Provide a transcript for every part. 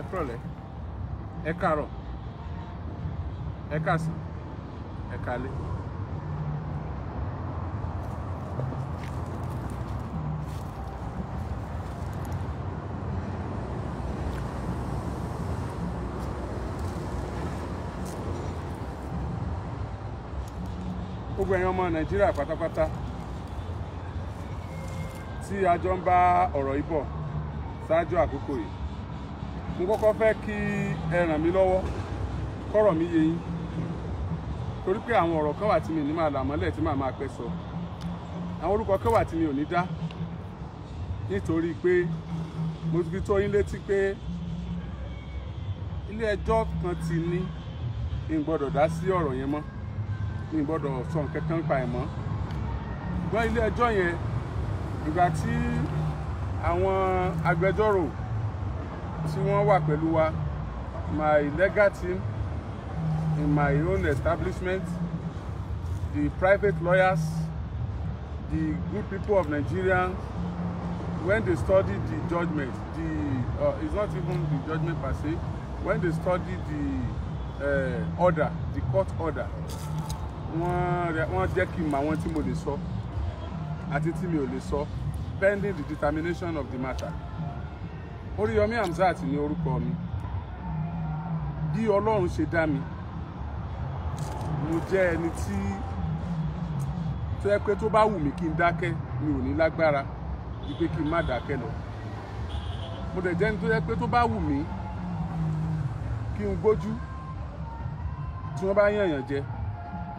ẹ kúrọ̀lẹ́ ẹ káàárọ̀ ẹ káàsán ẹ gbogbo ẹ̀yin ọmọ nàìjíríà pátápátá tí a jọ ń bá ọ̀rọ̀ yìí bọ̀ ṣáájú àkókò yìí mo kọ́kọ́ fẹ́ kí ẹ ràn mí lọ́wọ́ kọ́rọ̀ mi yé yín torí pé àwọn ọ̀rọ̀ kan wà tí mi ní máa là mọ́lẹ̀ tí màá máa pẹ́ sọ àwọn orúkọ kan wà tí mi ò ní dá nítorí pé mo ti fi tó yín létí pé ilé ẹjọ́ kan ti ní n dá sí ọ̀rọ̀ yẹn mọ́ mi gbọ́dọ̀ sọ nǹkan kan pa ẹ̀ mọ́ ṣùgbọ́n ilé ẹjọ́ yẹn ìgbà tí àwọn agbẹjọ́rò tí wọ́n wà pẹ̀lú wa my legal team in my own establishment the private lawyers the good people of Nigeria when they study the judgment the uh, it's not even the judgment per se when they study the uh, order the court order wọ́n jẹ́ kí n mọ àwọn tí mo lè sọ àti tí mi ò lè sọ pending the determination of the matter Oríyọmí Hamzat ni orúkọ mi bí Ọlọ́run ṣe dá mi mo jẹ́ ẹni tí tó yẹ pé tó bá wù mí kí n dákẹ́ mi ò ní lágbára ju pé kí n má dákẹ́ lọ mo dẹ̀ jẹ́ ẹni tó yẹ pé tó bá wù mí kí n gbójú tí wọ́n bá yànyàn jẹ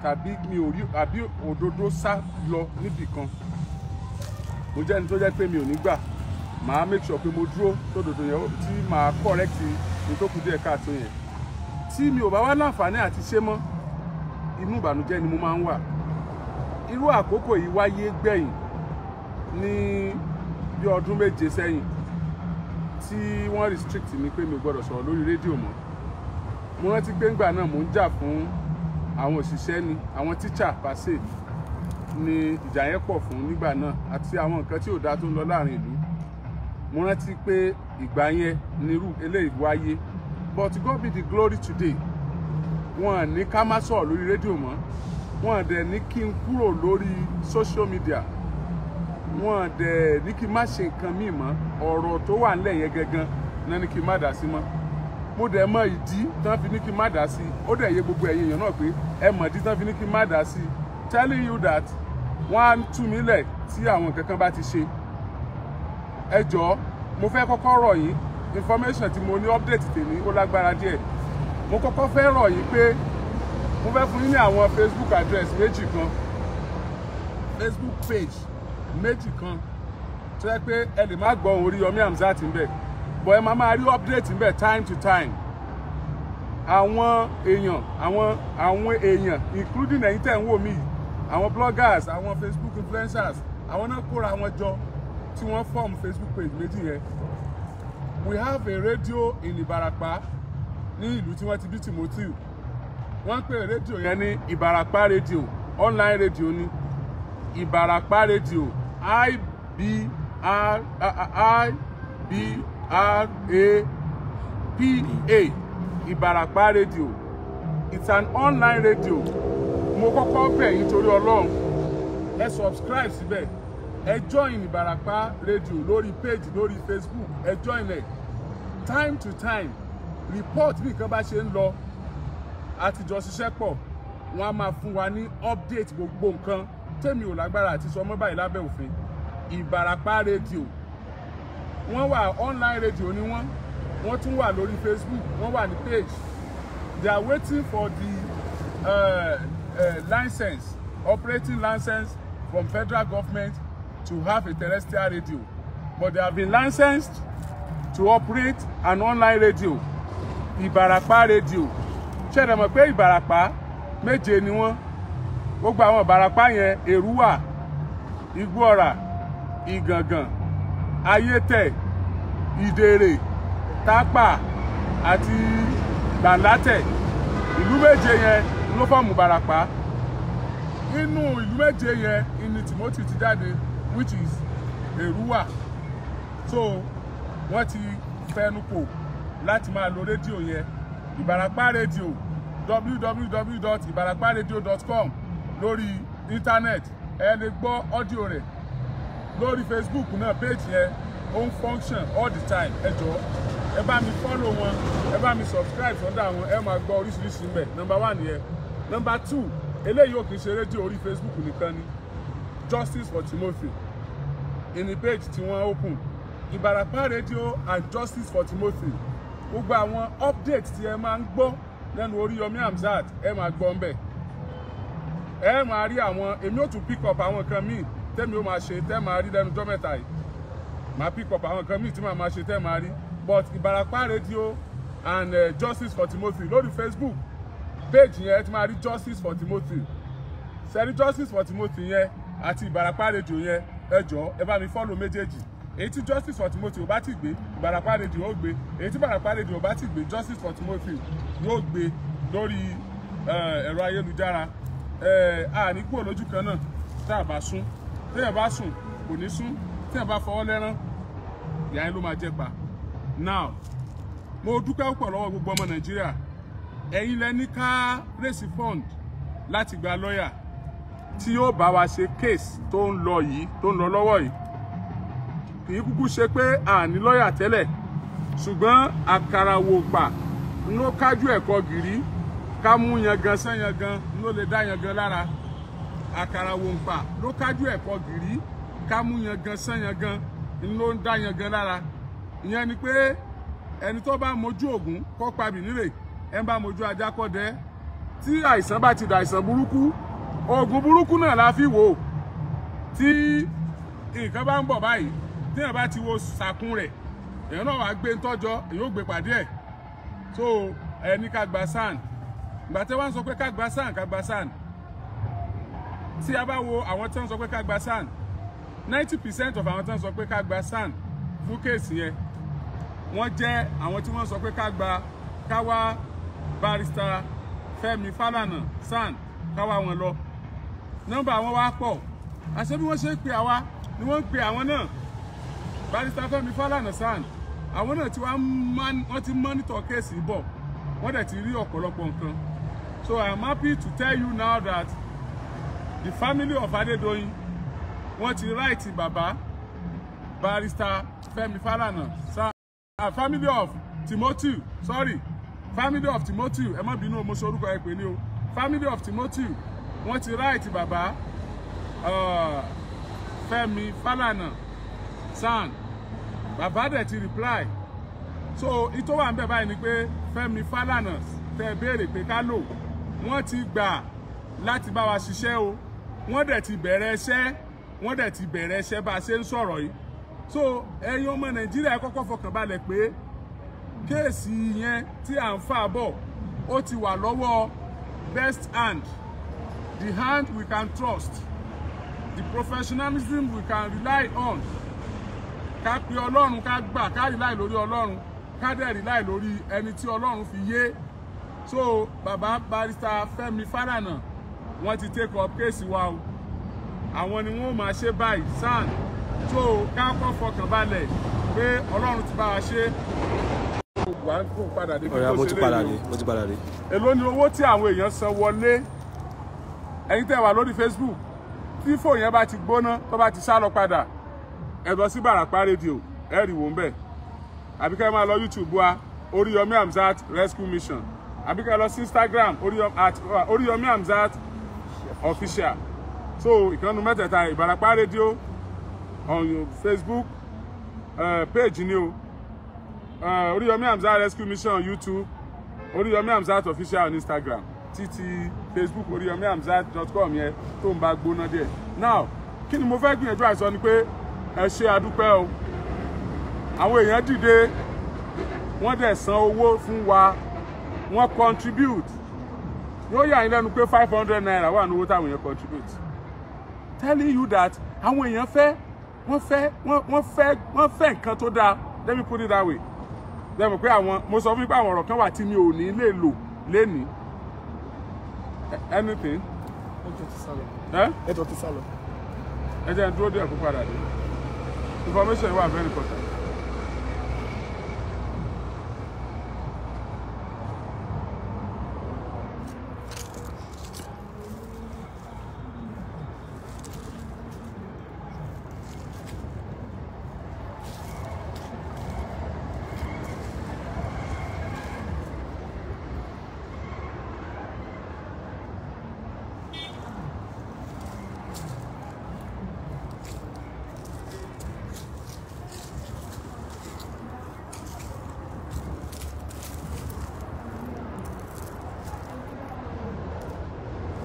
tàbí mi ò rí àbí òdodo sá lọ níbì kan mo jẹ́ ẹni tó jẹ́ pé mi ò ní gbà màá make sure pé mo dúró lódodo yẹn tí màá correct ní tó kù díẹ̀ káàtó yẹn tí mi ò bá wá láǹfààní àti ṣe mọ́ inú ìbànújẹ́ ni mo máa ń wà irú àkókò yìí wáyé gbẹ̀yìn ní bí ọdún méje sẹ́yìn tí wọ́n restrict mi pé mi gbọ́dọ̀ sọ̀rọ̀ lórí rédíò mọ́ mo rántí pé ńgbà náà mò ń jà fún àwọn òṣìṣẹ́ ni àwọn tíṣà pàṣẹ ni ìjà yẹn pọ̀ fún nígbà náà àti àwọn nǹkan tí ò dáa tó ń lọ láàrin ìlú mo rántí pé ìgbà yẹn nírú eléyìí wáyé but God be the glory today wọn ní ká má sọ̀rọ̀ lórí rédíò mọ́ wọn dẹ̀ ní kí n kúrò lórí social media wọn dẹ̀ ní kí n má ṣe nǹkan míì mọ́ ọ̀rọ̀ tó wà ńlẹ̀ yẹn gangan náà ní kí n má dá sí mọ́ mo dẹ̀ mọ ìdí tán fi ní kí n má dá sí i ó dẹ̀ yé gbogbo ẹ̀yin èèyàn náà pé ẹ mọ̀ ìdí tán fi ní kí n má dá sí i telling you that wọ́n á tú mi lẹ̀ tí àwọn kankan bá ti ṣe ẹ jọ̀ọ́ mo fẹ́ kọ́kọ́ rọ̀ yín information tí mo ní update tèmi ó lágbára díẹ̀ mo kọ́kọ́ fẹ́ rọ̀ yín pé mo fẹ́ fún yín ní àwọn Facebook address méjì kan Facebook page méjì kan tó yẹ pé ẹ lè má gbọ́ orí Yomi Hamzat ń bẹ̀ bọ̀ ẹ máa máa rí update níbẹ̀ time to time àwọn èèyàn àwọn àwọn èèyàn including ẹ̀yin tẹ̀ ń wò mí àwọn bloggers àwọn facebook influencers àwọn náà kóra wọn jọ tí wọ́n form facebook page méjì yẹn we have a radio in Ìbàràpá ní ìlú tí wọ́n ti bí Timothy wọ́n pè rédíò yẹn ní Ìbàràpá radio. online Radio, ní Ìbàràpá rédíò IBR IBR. R-A-P-A Ìbàràpá Radio. it's an online radio mo kọ́kọ́ bẹ̀ yín torí ọlọ́run ẹ subscribe síbẹ̀ ẹ join Ìbàràpá Radio. lórí page lórí Facebook ẹ join ẹ time to time report bí nǹkan bá ṣe ń lọ àtijọ́ ṣiṣẹ́ pọ̀ wọ́n á máa fún wa ní update gbogbo nǹkan tèmi ò lágbára àti sọmọ́ báyìí lábẹ́ òfin Ìbàràpá rédíò wọ́n wà online radio ni wọ́n wọ́n tún wà lórí Facebook wọ́n wà ní page they are waiting for the uh, uh, license operating license from federal government to have a terrestrial radio but they have been licensed to operate an online radio Ìbàràpá radio ṣé ẹ mọ̀ pé Ìbàràpá méje ni wọ́n gbogbo àwọn Ìbàràpá yẹn Èrúwà Igbóọ̀rà Ìgàngàn ayétẹ̀ ìdèrè tápà àti gbàǹdátẹ̀ ìlú méje yẹn ló fọ́ọ̀mù barapa inú ìlú méje yẹn ìní Timothy ti jáde which is èrúwà so wọ́n ti fẹnu kò láti máa lo rédíò yẹn ìbarapá rédíò www.ìbarapárédíò.com lórí íńtánẹ́ẹ̀tì ẹ lè gbọ́ ọ́díò rẹ̀ lórí Facebook náà page yẹn ó ń function all the time ẹ jọ ẹ bá mi follow wọn ẹ bá mi subscribe sọ́dọ̀ àwọn ẹ máa gbọ́ oríṣiríṣi ń bẹ number one yẹn number two eléyìí ò kì í ṣe rédíò orí Facebook nìkan ni Justice for Timothy ìní page tí wọ́n open Ìbàràpá rédíò and Justice for Timothy gbogbo àwọn update tí ẹ máa ń gbọ́ lẹ́nu Oríyọmí Hamzat ẹ máa gbọ́ ń bẹ̀ ẹ máa rí àwọn èmi ò tún pick up àwọn kan míì tẹ́mi ó máa ṣe tẹ́ máa rí lẹ́nu jọ́mẹ́ta yìí máa pick up àwọn nǹkan míì tí màá máa ṣe tẹ́ máa rí but Ìbàràpá rédíò and uh, justice for Timothy lórí Facebook page yẹn ti máa rí justice for Timothy sẹ́rí justice for Timothy yẹn àti Ìbàràpá rédíò yẹn ẹ jọ̀ọ́ ẹ bá mi follow méjèèjì èyí tí justice for Timothy ò bá ti gbé Ìbàràpá rédíò ó gbé èyí tí Ìbàràpá rédíò ò bá ti gbé justice for Timothy yóò gbé lórí eh, ẹ̀rọ ayélujára àní eh, kúrò lójú kan náà tá a bá sún téèyàn bá sùn kò ní sùn téèyàn bá fọwọ́ lẹ́rán ìyá yín ló máa jẹ pa now mo dúpẹ́ púpọ̀ lọ́wọ́ gbogbo ọmọ nàìjíríà ẹ̀yin lẹ ní ká raise fund láti gba lọ́ọ̀yà tí yóò bá wa ṣe case tó ń lọ yìí tó ń lọ lọ́wọ́ yìí kì í kúkú ṣe pé àní lọ́ọ̀yà tẹ́lẹ̀ ṣùgbọ́n àkàràwòpà ń ló kájú ẹ̀kọ́ gìrì ká mú yangan sẹ́yangan ló lè dá yangan lára àkàrà wòǹpà ló kájú ẹ̀kọ́ gìrì ká mú yangan sán yangan ló ń dá yangan lára ìyẹn ni pé ẹni tó bá mojú ògún kọ́ pabì nílé ẹ bá mojú ajá kọ́ dẹ́ tí àìsàn bá ti dà àìsàn burúkú ògùn burúkú náà la fi wò tí nǹkan bá ń bọ̀ báyìí tí èèyàn bá ti wo sàkún rẹ̀ èèyàn náà wàá gbé ń tọ́jọ́ èèyàn ò gbé so ẹni ká gba sàn gbàtẹ́ wá ń sọ pé ká gba sàn ká gba sàn tí a bá wo àwọn tí wọ́n sọ pé ká gba SAN ninety percent of àwọn tí wọ́n sọ pé ká gba SAN fún kéèsì yẹn wọ́n jẹ́ àwọn tí wọ́n sọ pé ká gba ká wá barrister Fẹ́mi Fálànà SAN ká wá wọn lọ nọ́mbà àwọn wá pọ̀ àṣẹ bí wọ́n ṣe ń pè àwa ni wọ́n ń pè àwọn náà barrister Fẹ́mi Fálànà SAN àwọn náà tí wọ́n ti mọ́nítọ̀ kéèsì bọ̀ wọ́n dẹ̀ ti rí ọ̀pọ̀lọpọ̀ nǹkan so I'm happy to tell you now that the family of Adedoyin wọ́n ti write, Baba, barrister Fẹ́mi Falana sir uh, family of Timothy sorry family of Timothy ẹ má bínú mo sorúkọ ẹ pè ní o family of Timothy wọ́n ti write, Baba, uh, Fẹ́mi Falana san bàbá dẹ̀ ti reply so ìtò wà ń bẹ̀ báyìí ni pé Fẹ́mi Falana tẹ béèrè pé ká lò wọ́n ti gbà láti bá wa ṣiṣẹ́ o wọ́n dẹ̀ ti bẹ̀rẹ̀ iṣẹ́ wọ́n dẹ̀ ti bẹ̀rẹ̀ iṣẹ́ bá a ṣe ń sọ̀rọ̀ yìí so ẹ̀yin ọmọ nàìjíríà kọ́kọ́ fọkàn balẹ̀ pé kéèsì yẹn tí à ń fà bọ̀ ó ti wà lọ́wọ́ best hand the hand we can trust the professionalism we can rely on ká pe ọlọ́run ká gbà ká rely láì lórí ọlọ́run ká dẹ̀ rí lórí ẹni tí ọlọ́run fi yé so bàbá barrister Fẹ́mi Fálànà wọ́n ti take up kéèsì wa o àwọn ni wọ́n máa ṣe báyìí san tó káàkọ́ fọkàn balẹ̀ pé ọlọ́run ti bá wa ṣe kò padà dé kí ló ṣe lé èló ni owó tí àwọn èèyàn san wọlé ẹ̀yin tẹ́ wà lórí Facebook tí fò yẹn bá ti gbóná tó bá ti sá lọ padà ẹ lọ sí Bàràpá rédíò ẹ rí wò ń bẹ̀ àbíkẹ́ máa lọ YouTube wa Oríyọmí Hamzat Rescue Mission àbíkẹ́ lọ sí Instagram Oríyọmí uh, Hamzat official so ìkànnì mẹ́tẹ̀ẹ̀ta ìbàràpá rédíò on your facebook uh, page ni o uh, eh, oríyọmí hamzat rescue mission on youtube oríyọmí hamzat official on instagram títí facebook oríyọmí hamzat dot com yẹn tó ń bá gbóná díẹ̀ now kí ni mo fẹ́ gbìyànjú àìsàn ni pé ẹ ṣe àdúpẹ́ o àwọn èèyàn dìde wọ́n dẹ̀ san owó fún wa wọ́n contribute yóò yà yín lẹ́nu pé five hundred naira wà lówó táwọn èèyàn contribute telling you that àwọn èèyàn fẹ́ wọ́n fẹ́ wọ́n fẹ́ wọ́n fẹ́ nǹkan tó dáa let me put it that way lẹ́mọ̀ pé àwọn mo sọ fún yín pé àwọn ọ̀rọ̀ kan wà tí mi ò ní lè lò lénìí anything. ẹjọ ti sálọ. ẹ jẹ́ n dúró díẹ̀ kó padà dé information wà very important.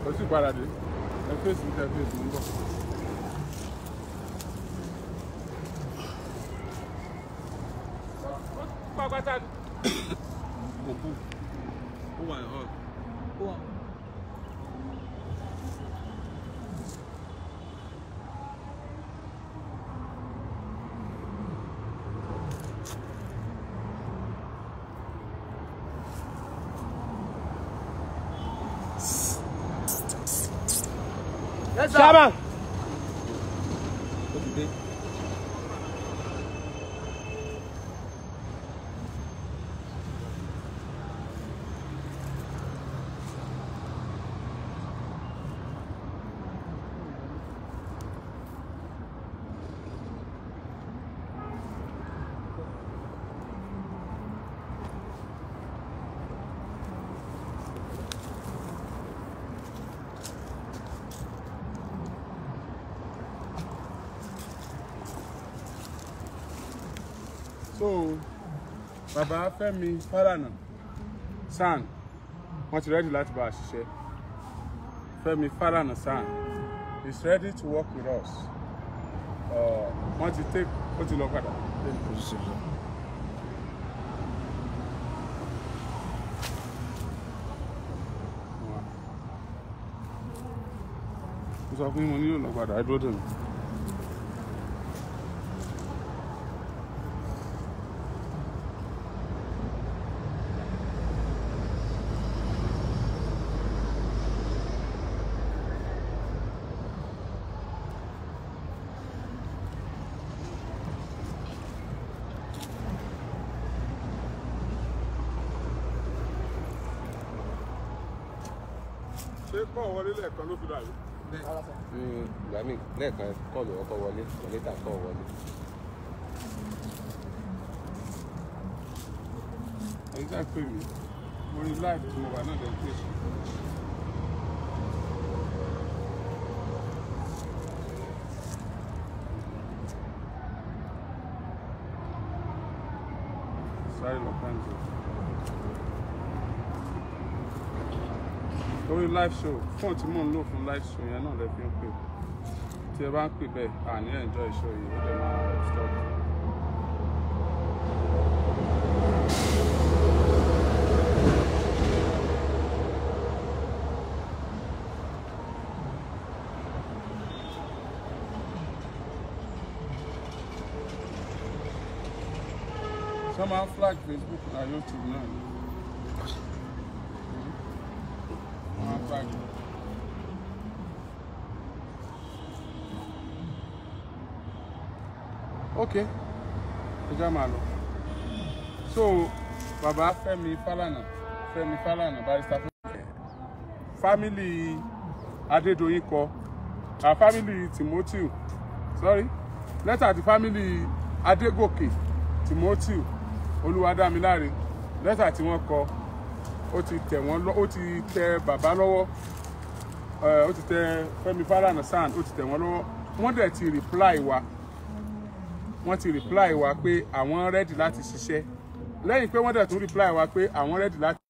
kò sí padà dé ẹ fèsì ní tẹfèsì ń bọ̀. pápá tá a ti. 下一 so bàbá Fẹ́mi Fálànà SAN wọ́n ti rẹ́dì láti bá a ṣiṣẹ́ Fẹ́mi Fálànà SAN is ready to work with us uh, wọ́n ti take ó ti lọ padà. mo sọ fún yín mo nílò lọ padà ẹ dúró dè lẹ́ẹ̀kan ló fi lọ àyè. ìgbà mi lẹ́ẹ̀kan kọ́ọ̀lù ọkọ̀ wọlé wọlé tà kọ́ wọlé. ẹ̀yin sáà pè mí mo rí láìpẹ́ mo wà náà lẹ́yìn pé. lórí live show fóònù tí mò ń lò fún live show yẹn náà lè fi ń pè tí ẹ bá ń pè bẹ́ẹ̀ àní enjoy show yìí ó dẹ̀ máa stop. sọ ma flag Facebook na YouTube náà. Friday. ok ẹ já máa so baba Fẹ́mi Fálànà Fẹ́mi Fálànà barista family Adédoyin kọ our family Timothy sorry lẹ́tà ti family Adégòkè Timothy Olúwadámiláre lẹ́tà tí wọ́n kọ ó ti tẹ̀ wọ́n lọ ó ti tẹ bàbá lọ́wọ́ eh, ó ti tẹ Fẹ́mi Falana San ó ti tẹ̀ wọ́n lọ́wọ́ wọ́n dẹ̀ ti reply wa wọ́n ti reply wa pé àwọn ready láti ṣiṣẹ́ lẹ́yìn pé wọ́n dẹ̀ tún reply wa pé àwọn ready láti.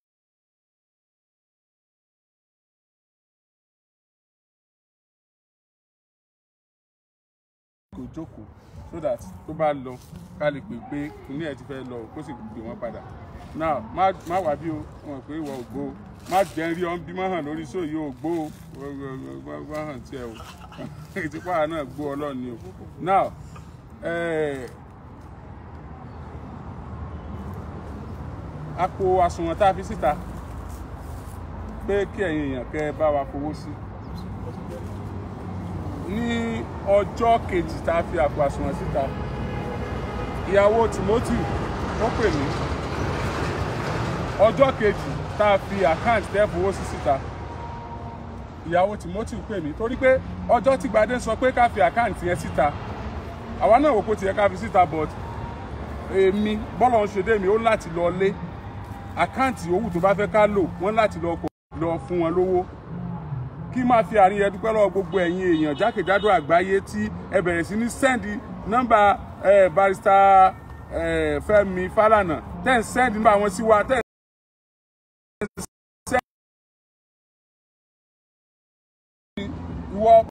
jókòó so that tó bá lọ ká lè pè pé kùnú ẹ̀ ti fẹ́ lọ kó sì gbé wọn padà now má wá bí o wọn pé ìwọ ògbó o má jẹ́ rí ọ́n bímọ hàn lórí sóò yìí ògbó o má hàn tiẹ̀ o ìtìpá náà gbó ọlọ́run ni o now eh, àpò àsùnwọ̀n tá a fi síta pé kí ẹ̀yin èèyàn kẹ́ ẹ bá wa fowó sí ní ọjọ́ kejì tá a fi àpò àsùnwọ̀n síta ìyàwó Timothy ó pè mí ọjọ́ kejì tá a fi àkáǹtì tẹ́fowó sí síta ìyàwó Timothy pè mí torí pé ọjọ́ tí Gbadé sọ pé ká fi àkáǹtì yẹn síta àwa náà wò kó tiẹ̀ ká fi síta but èmi bọ́lọ̀ ń ṣe dé mi ó láti lọ lé àkáǹtì owó tó bá fẹ́ ká lò wọ́n láti lọ fún wọn lówó kí n máa fi àárín yẹn dúpẹ́ lọ́wọ́ gbogbo ẹ̀yin èèyàn jákèjádò àgbáyé tí ẹ bẹ̀rẹ̀ sí ní sẹ́ndì nọ́mbà eh, barista eh, Fẹ́mi Fálànà tẹ́ ń sẹ́ndì nọ́mbà wọn sí wa tẹ́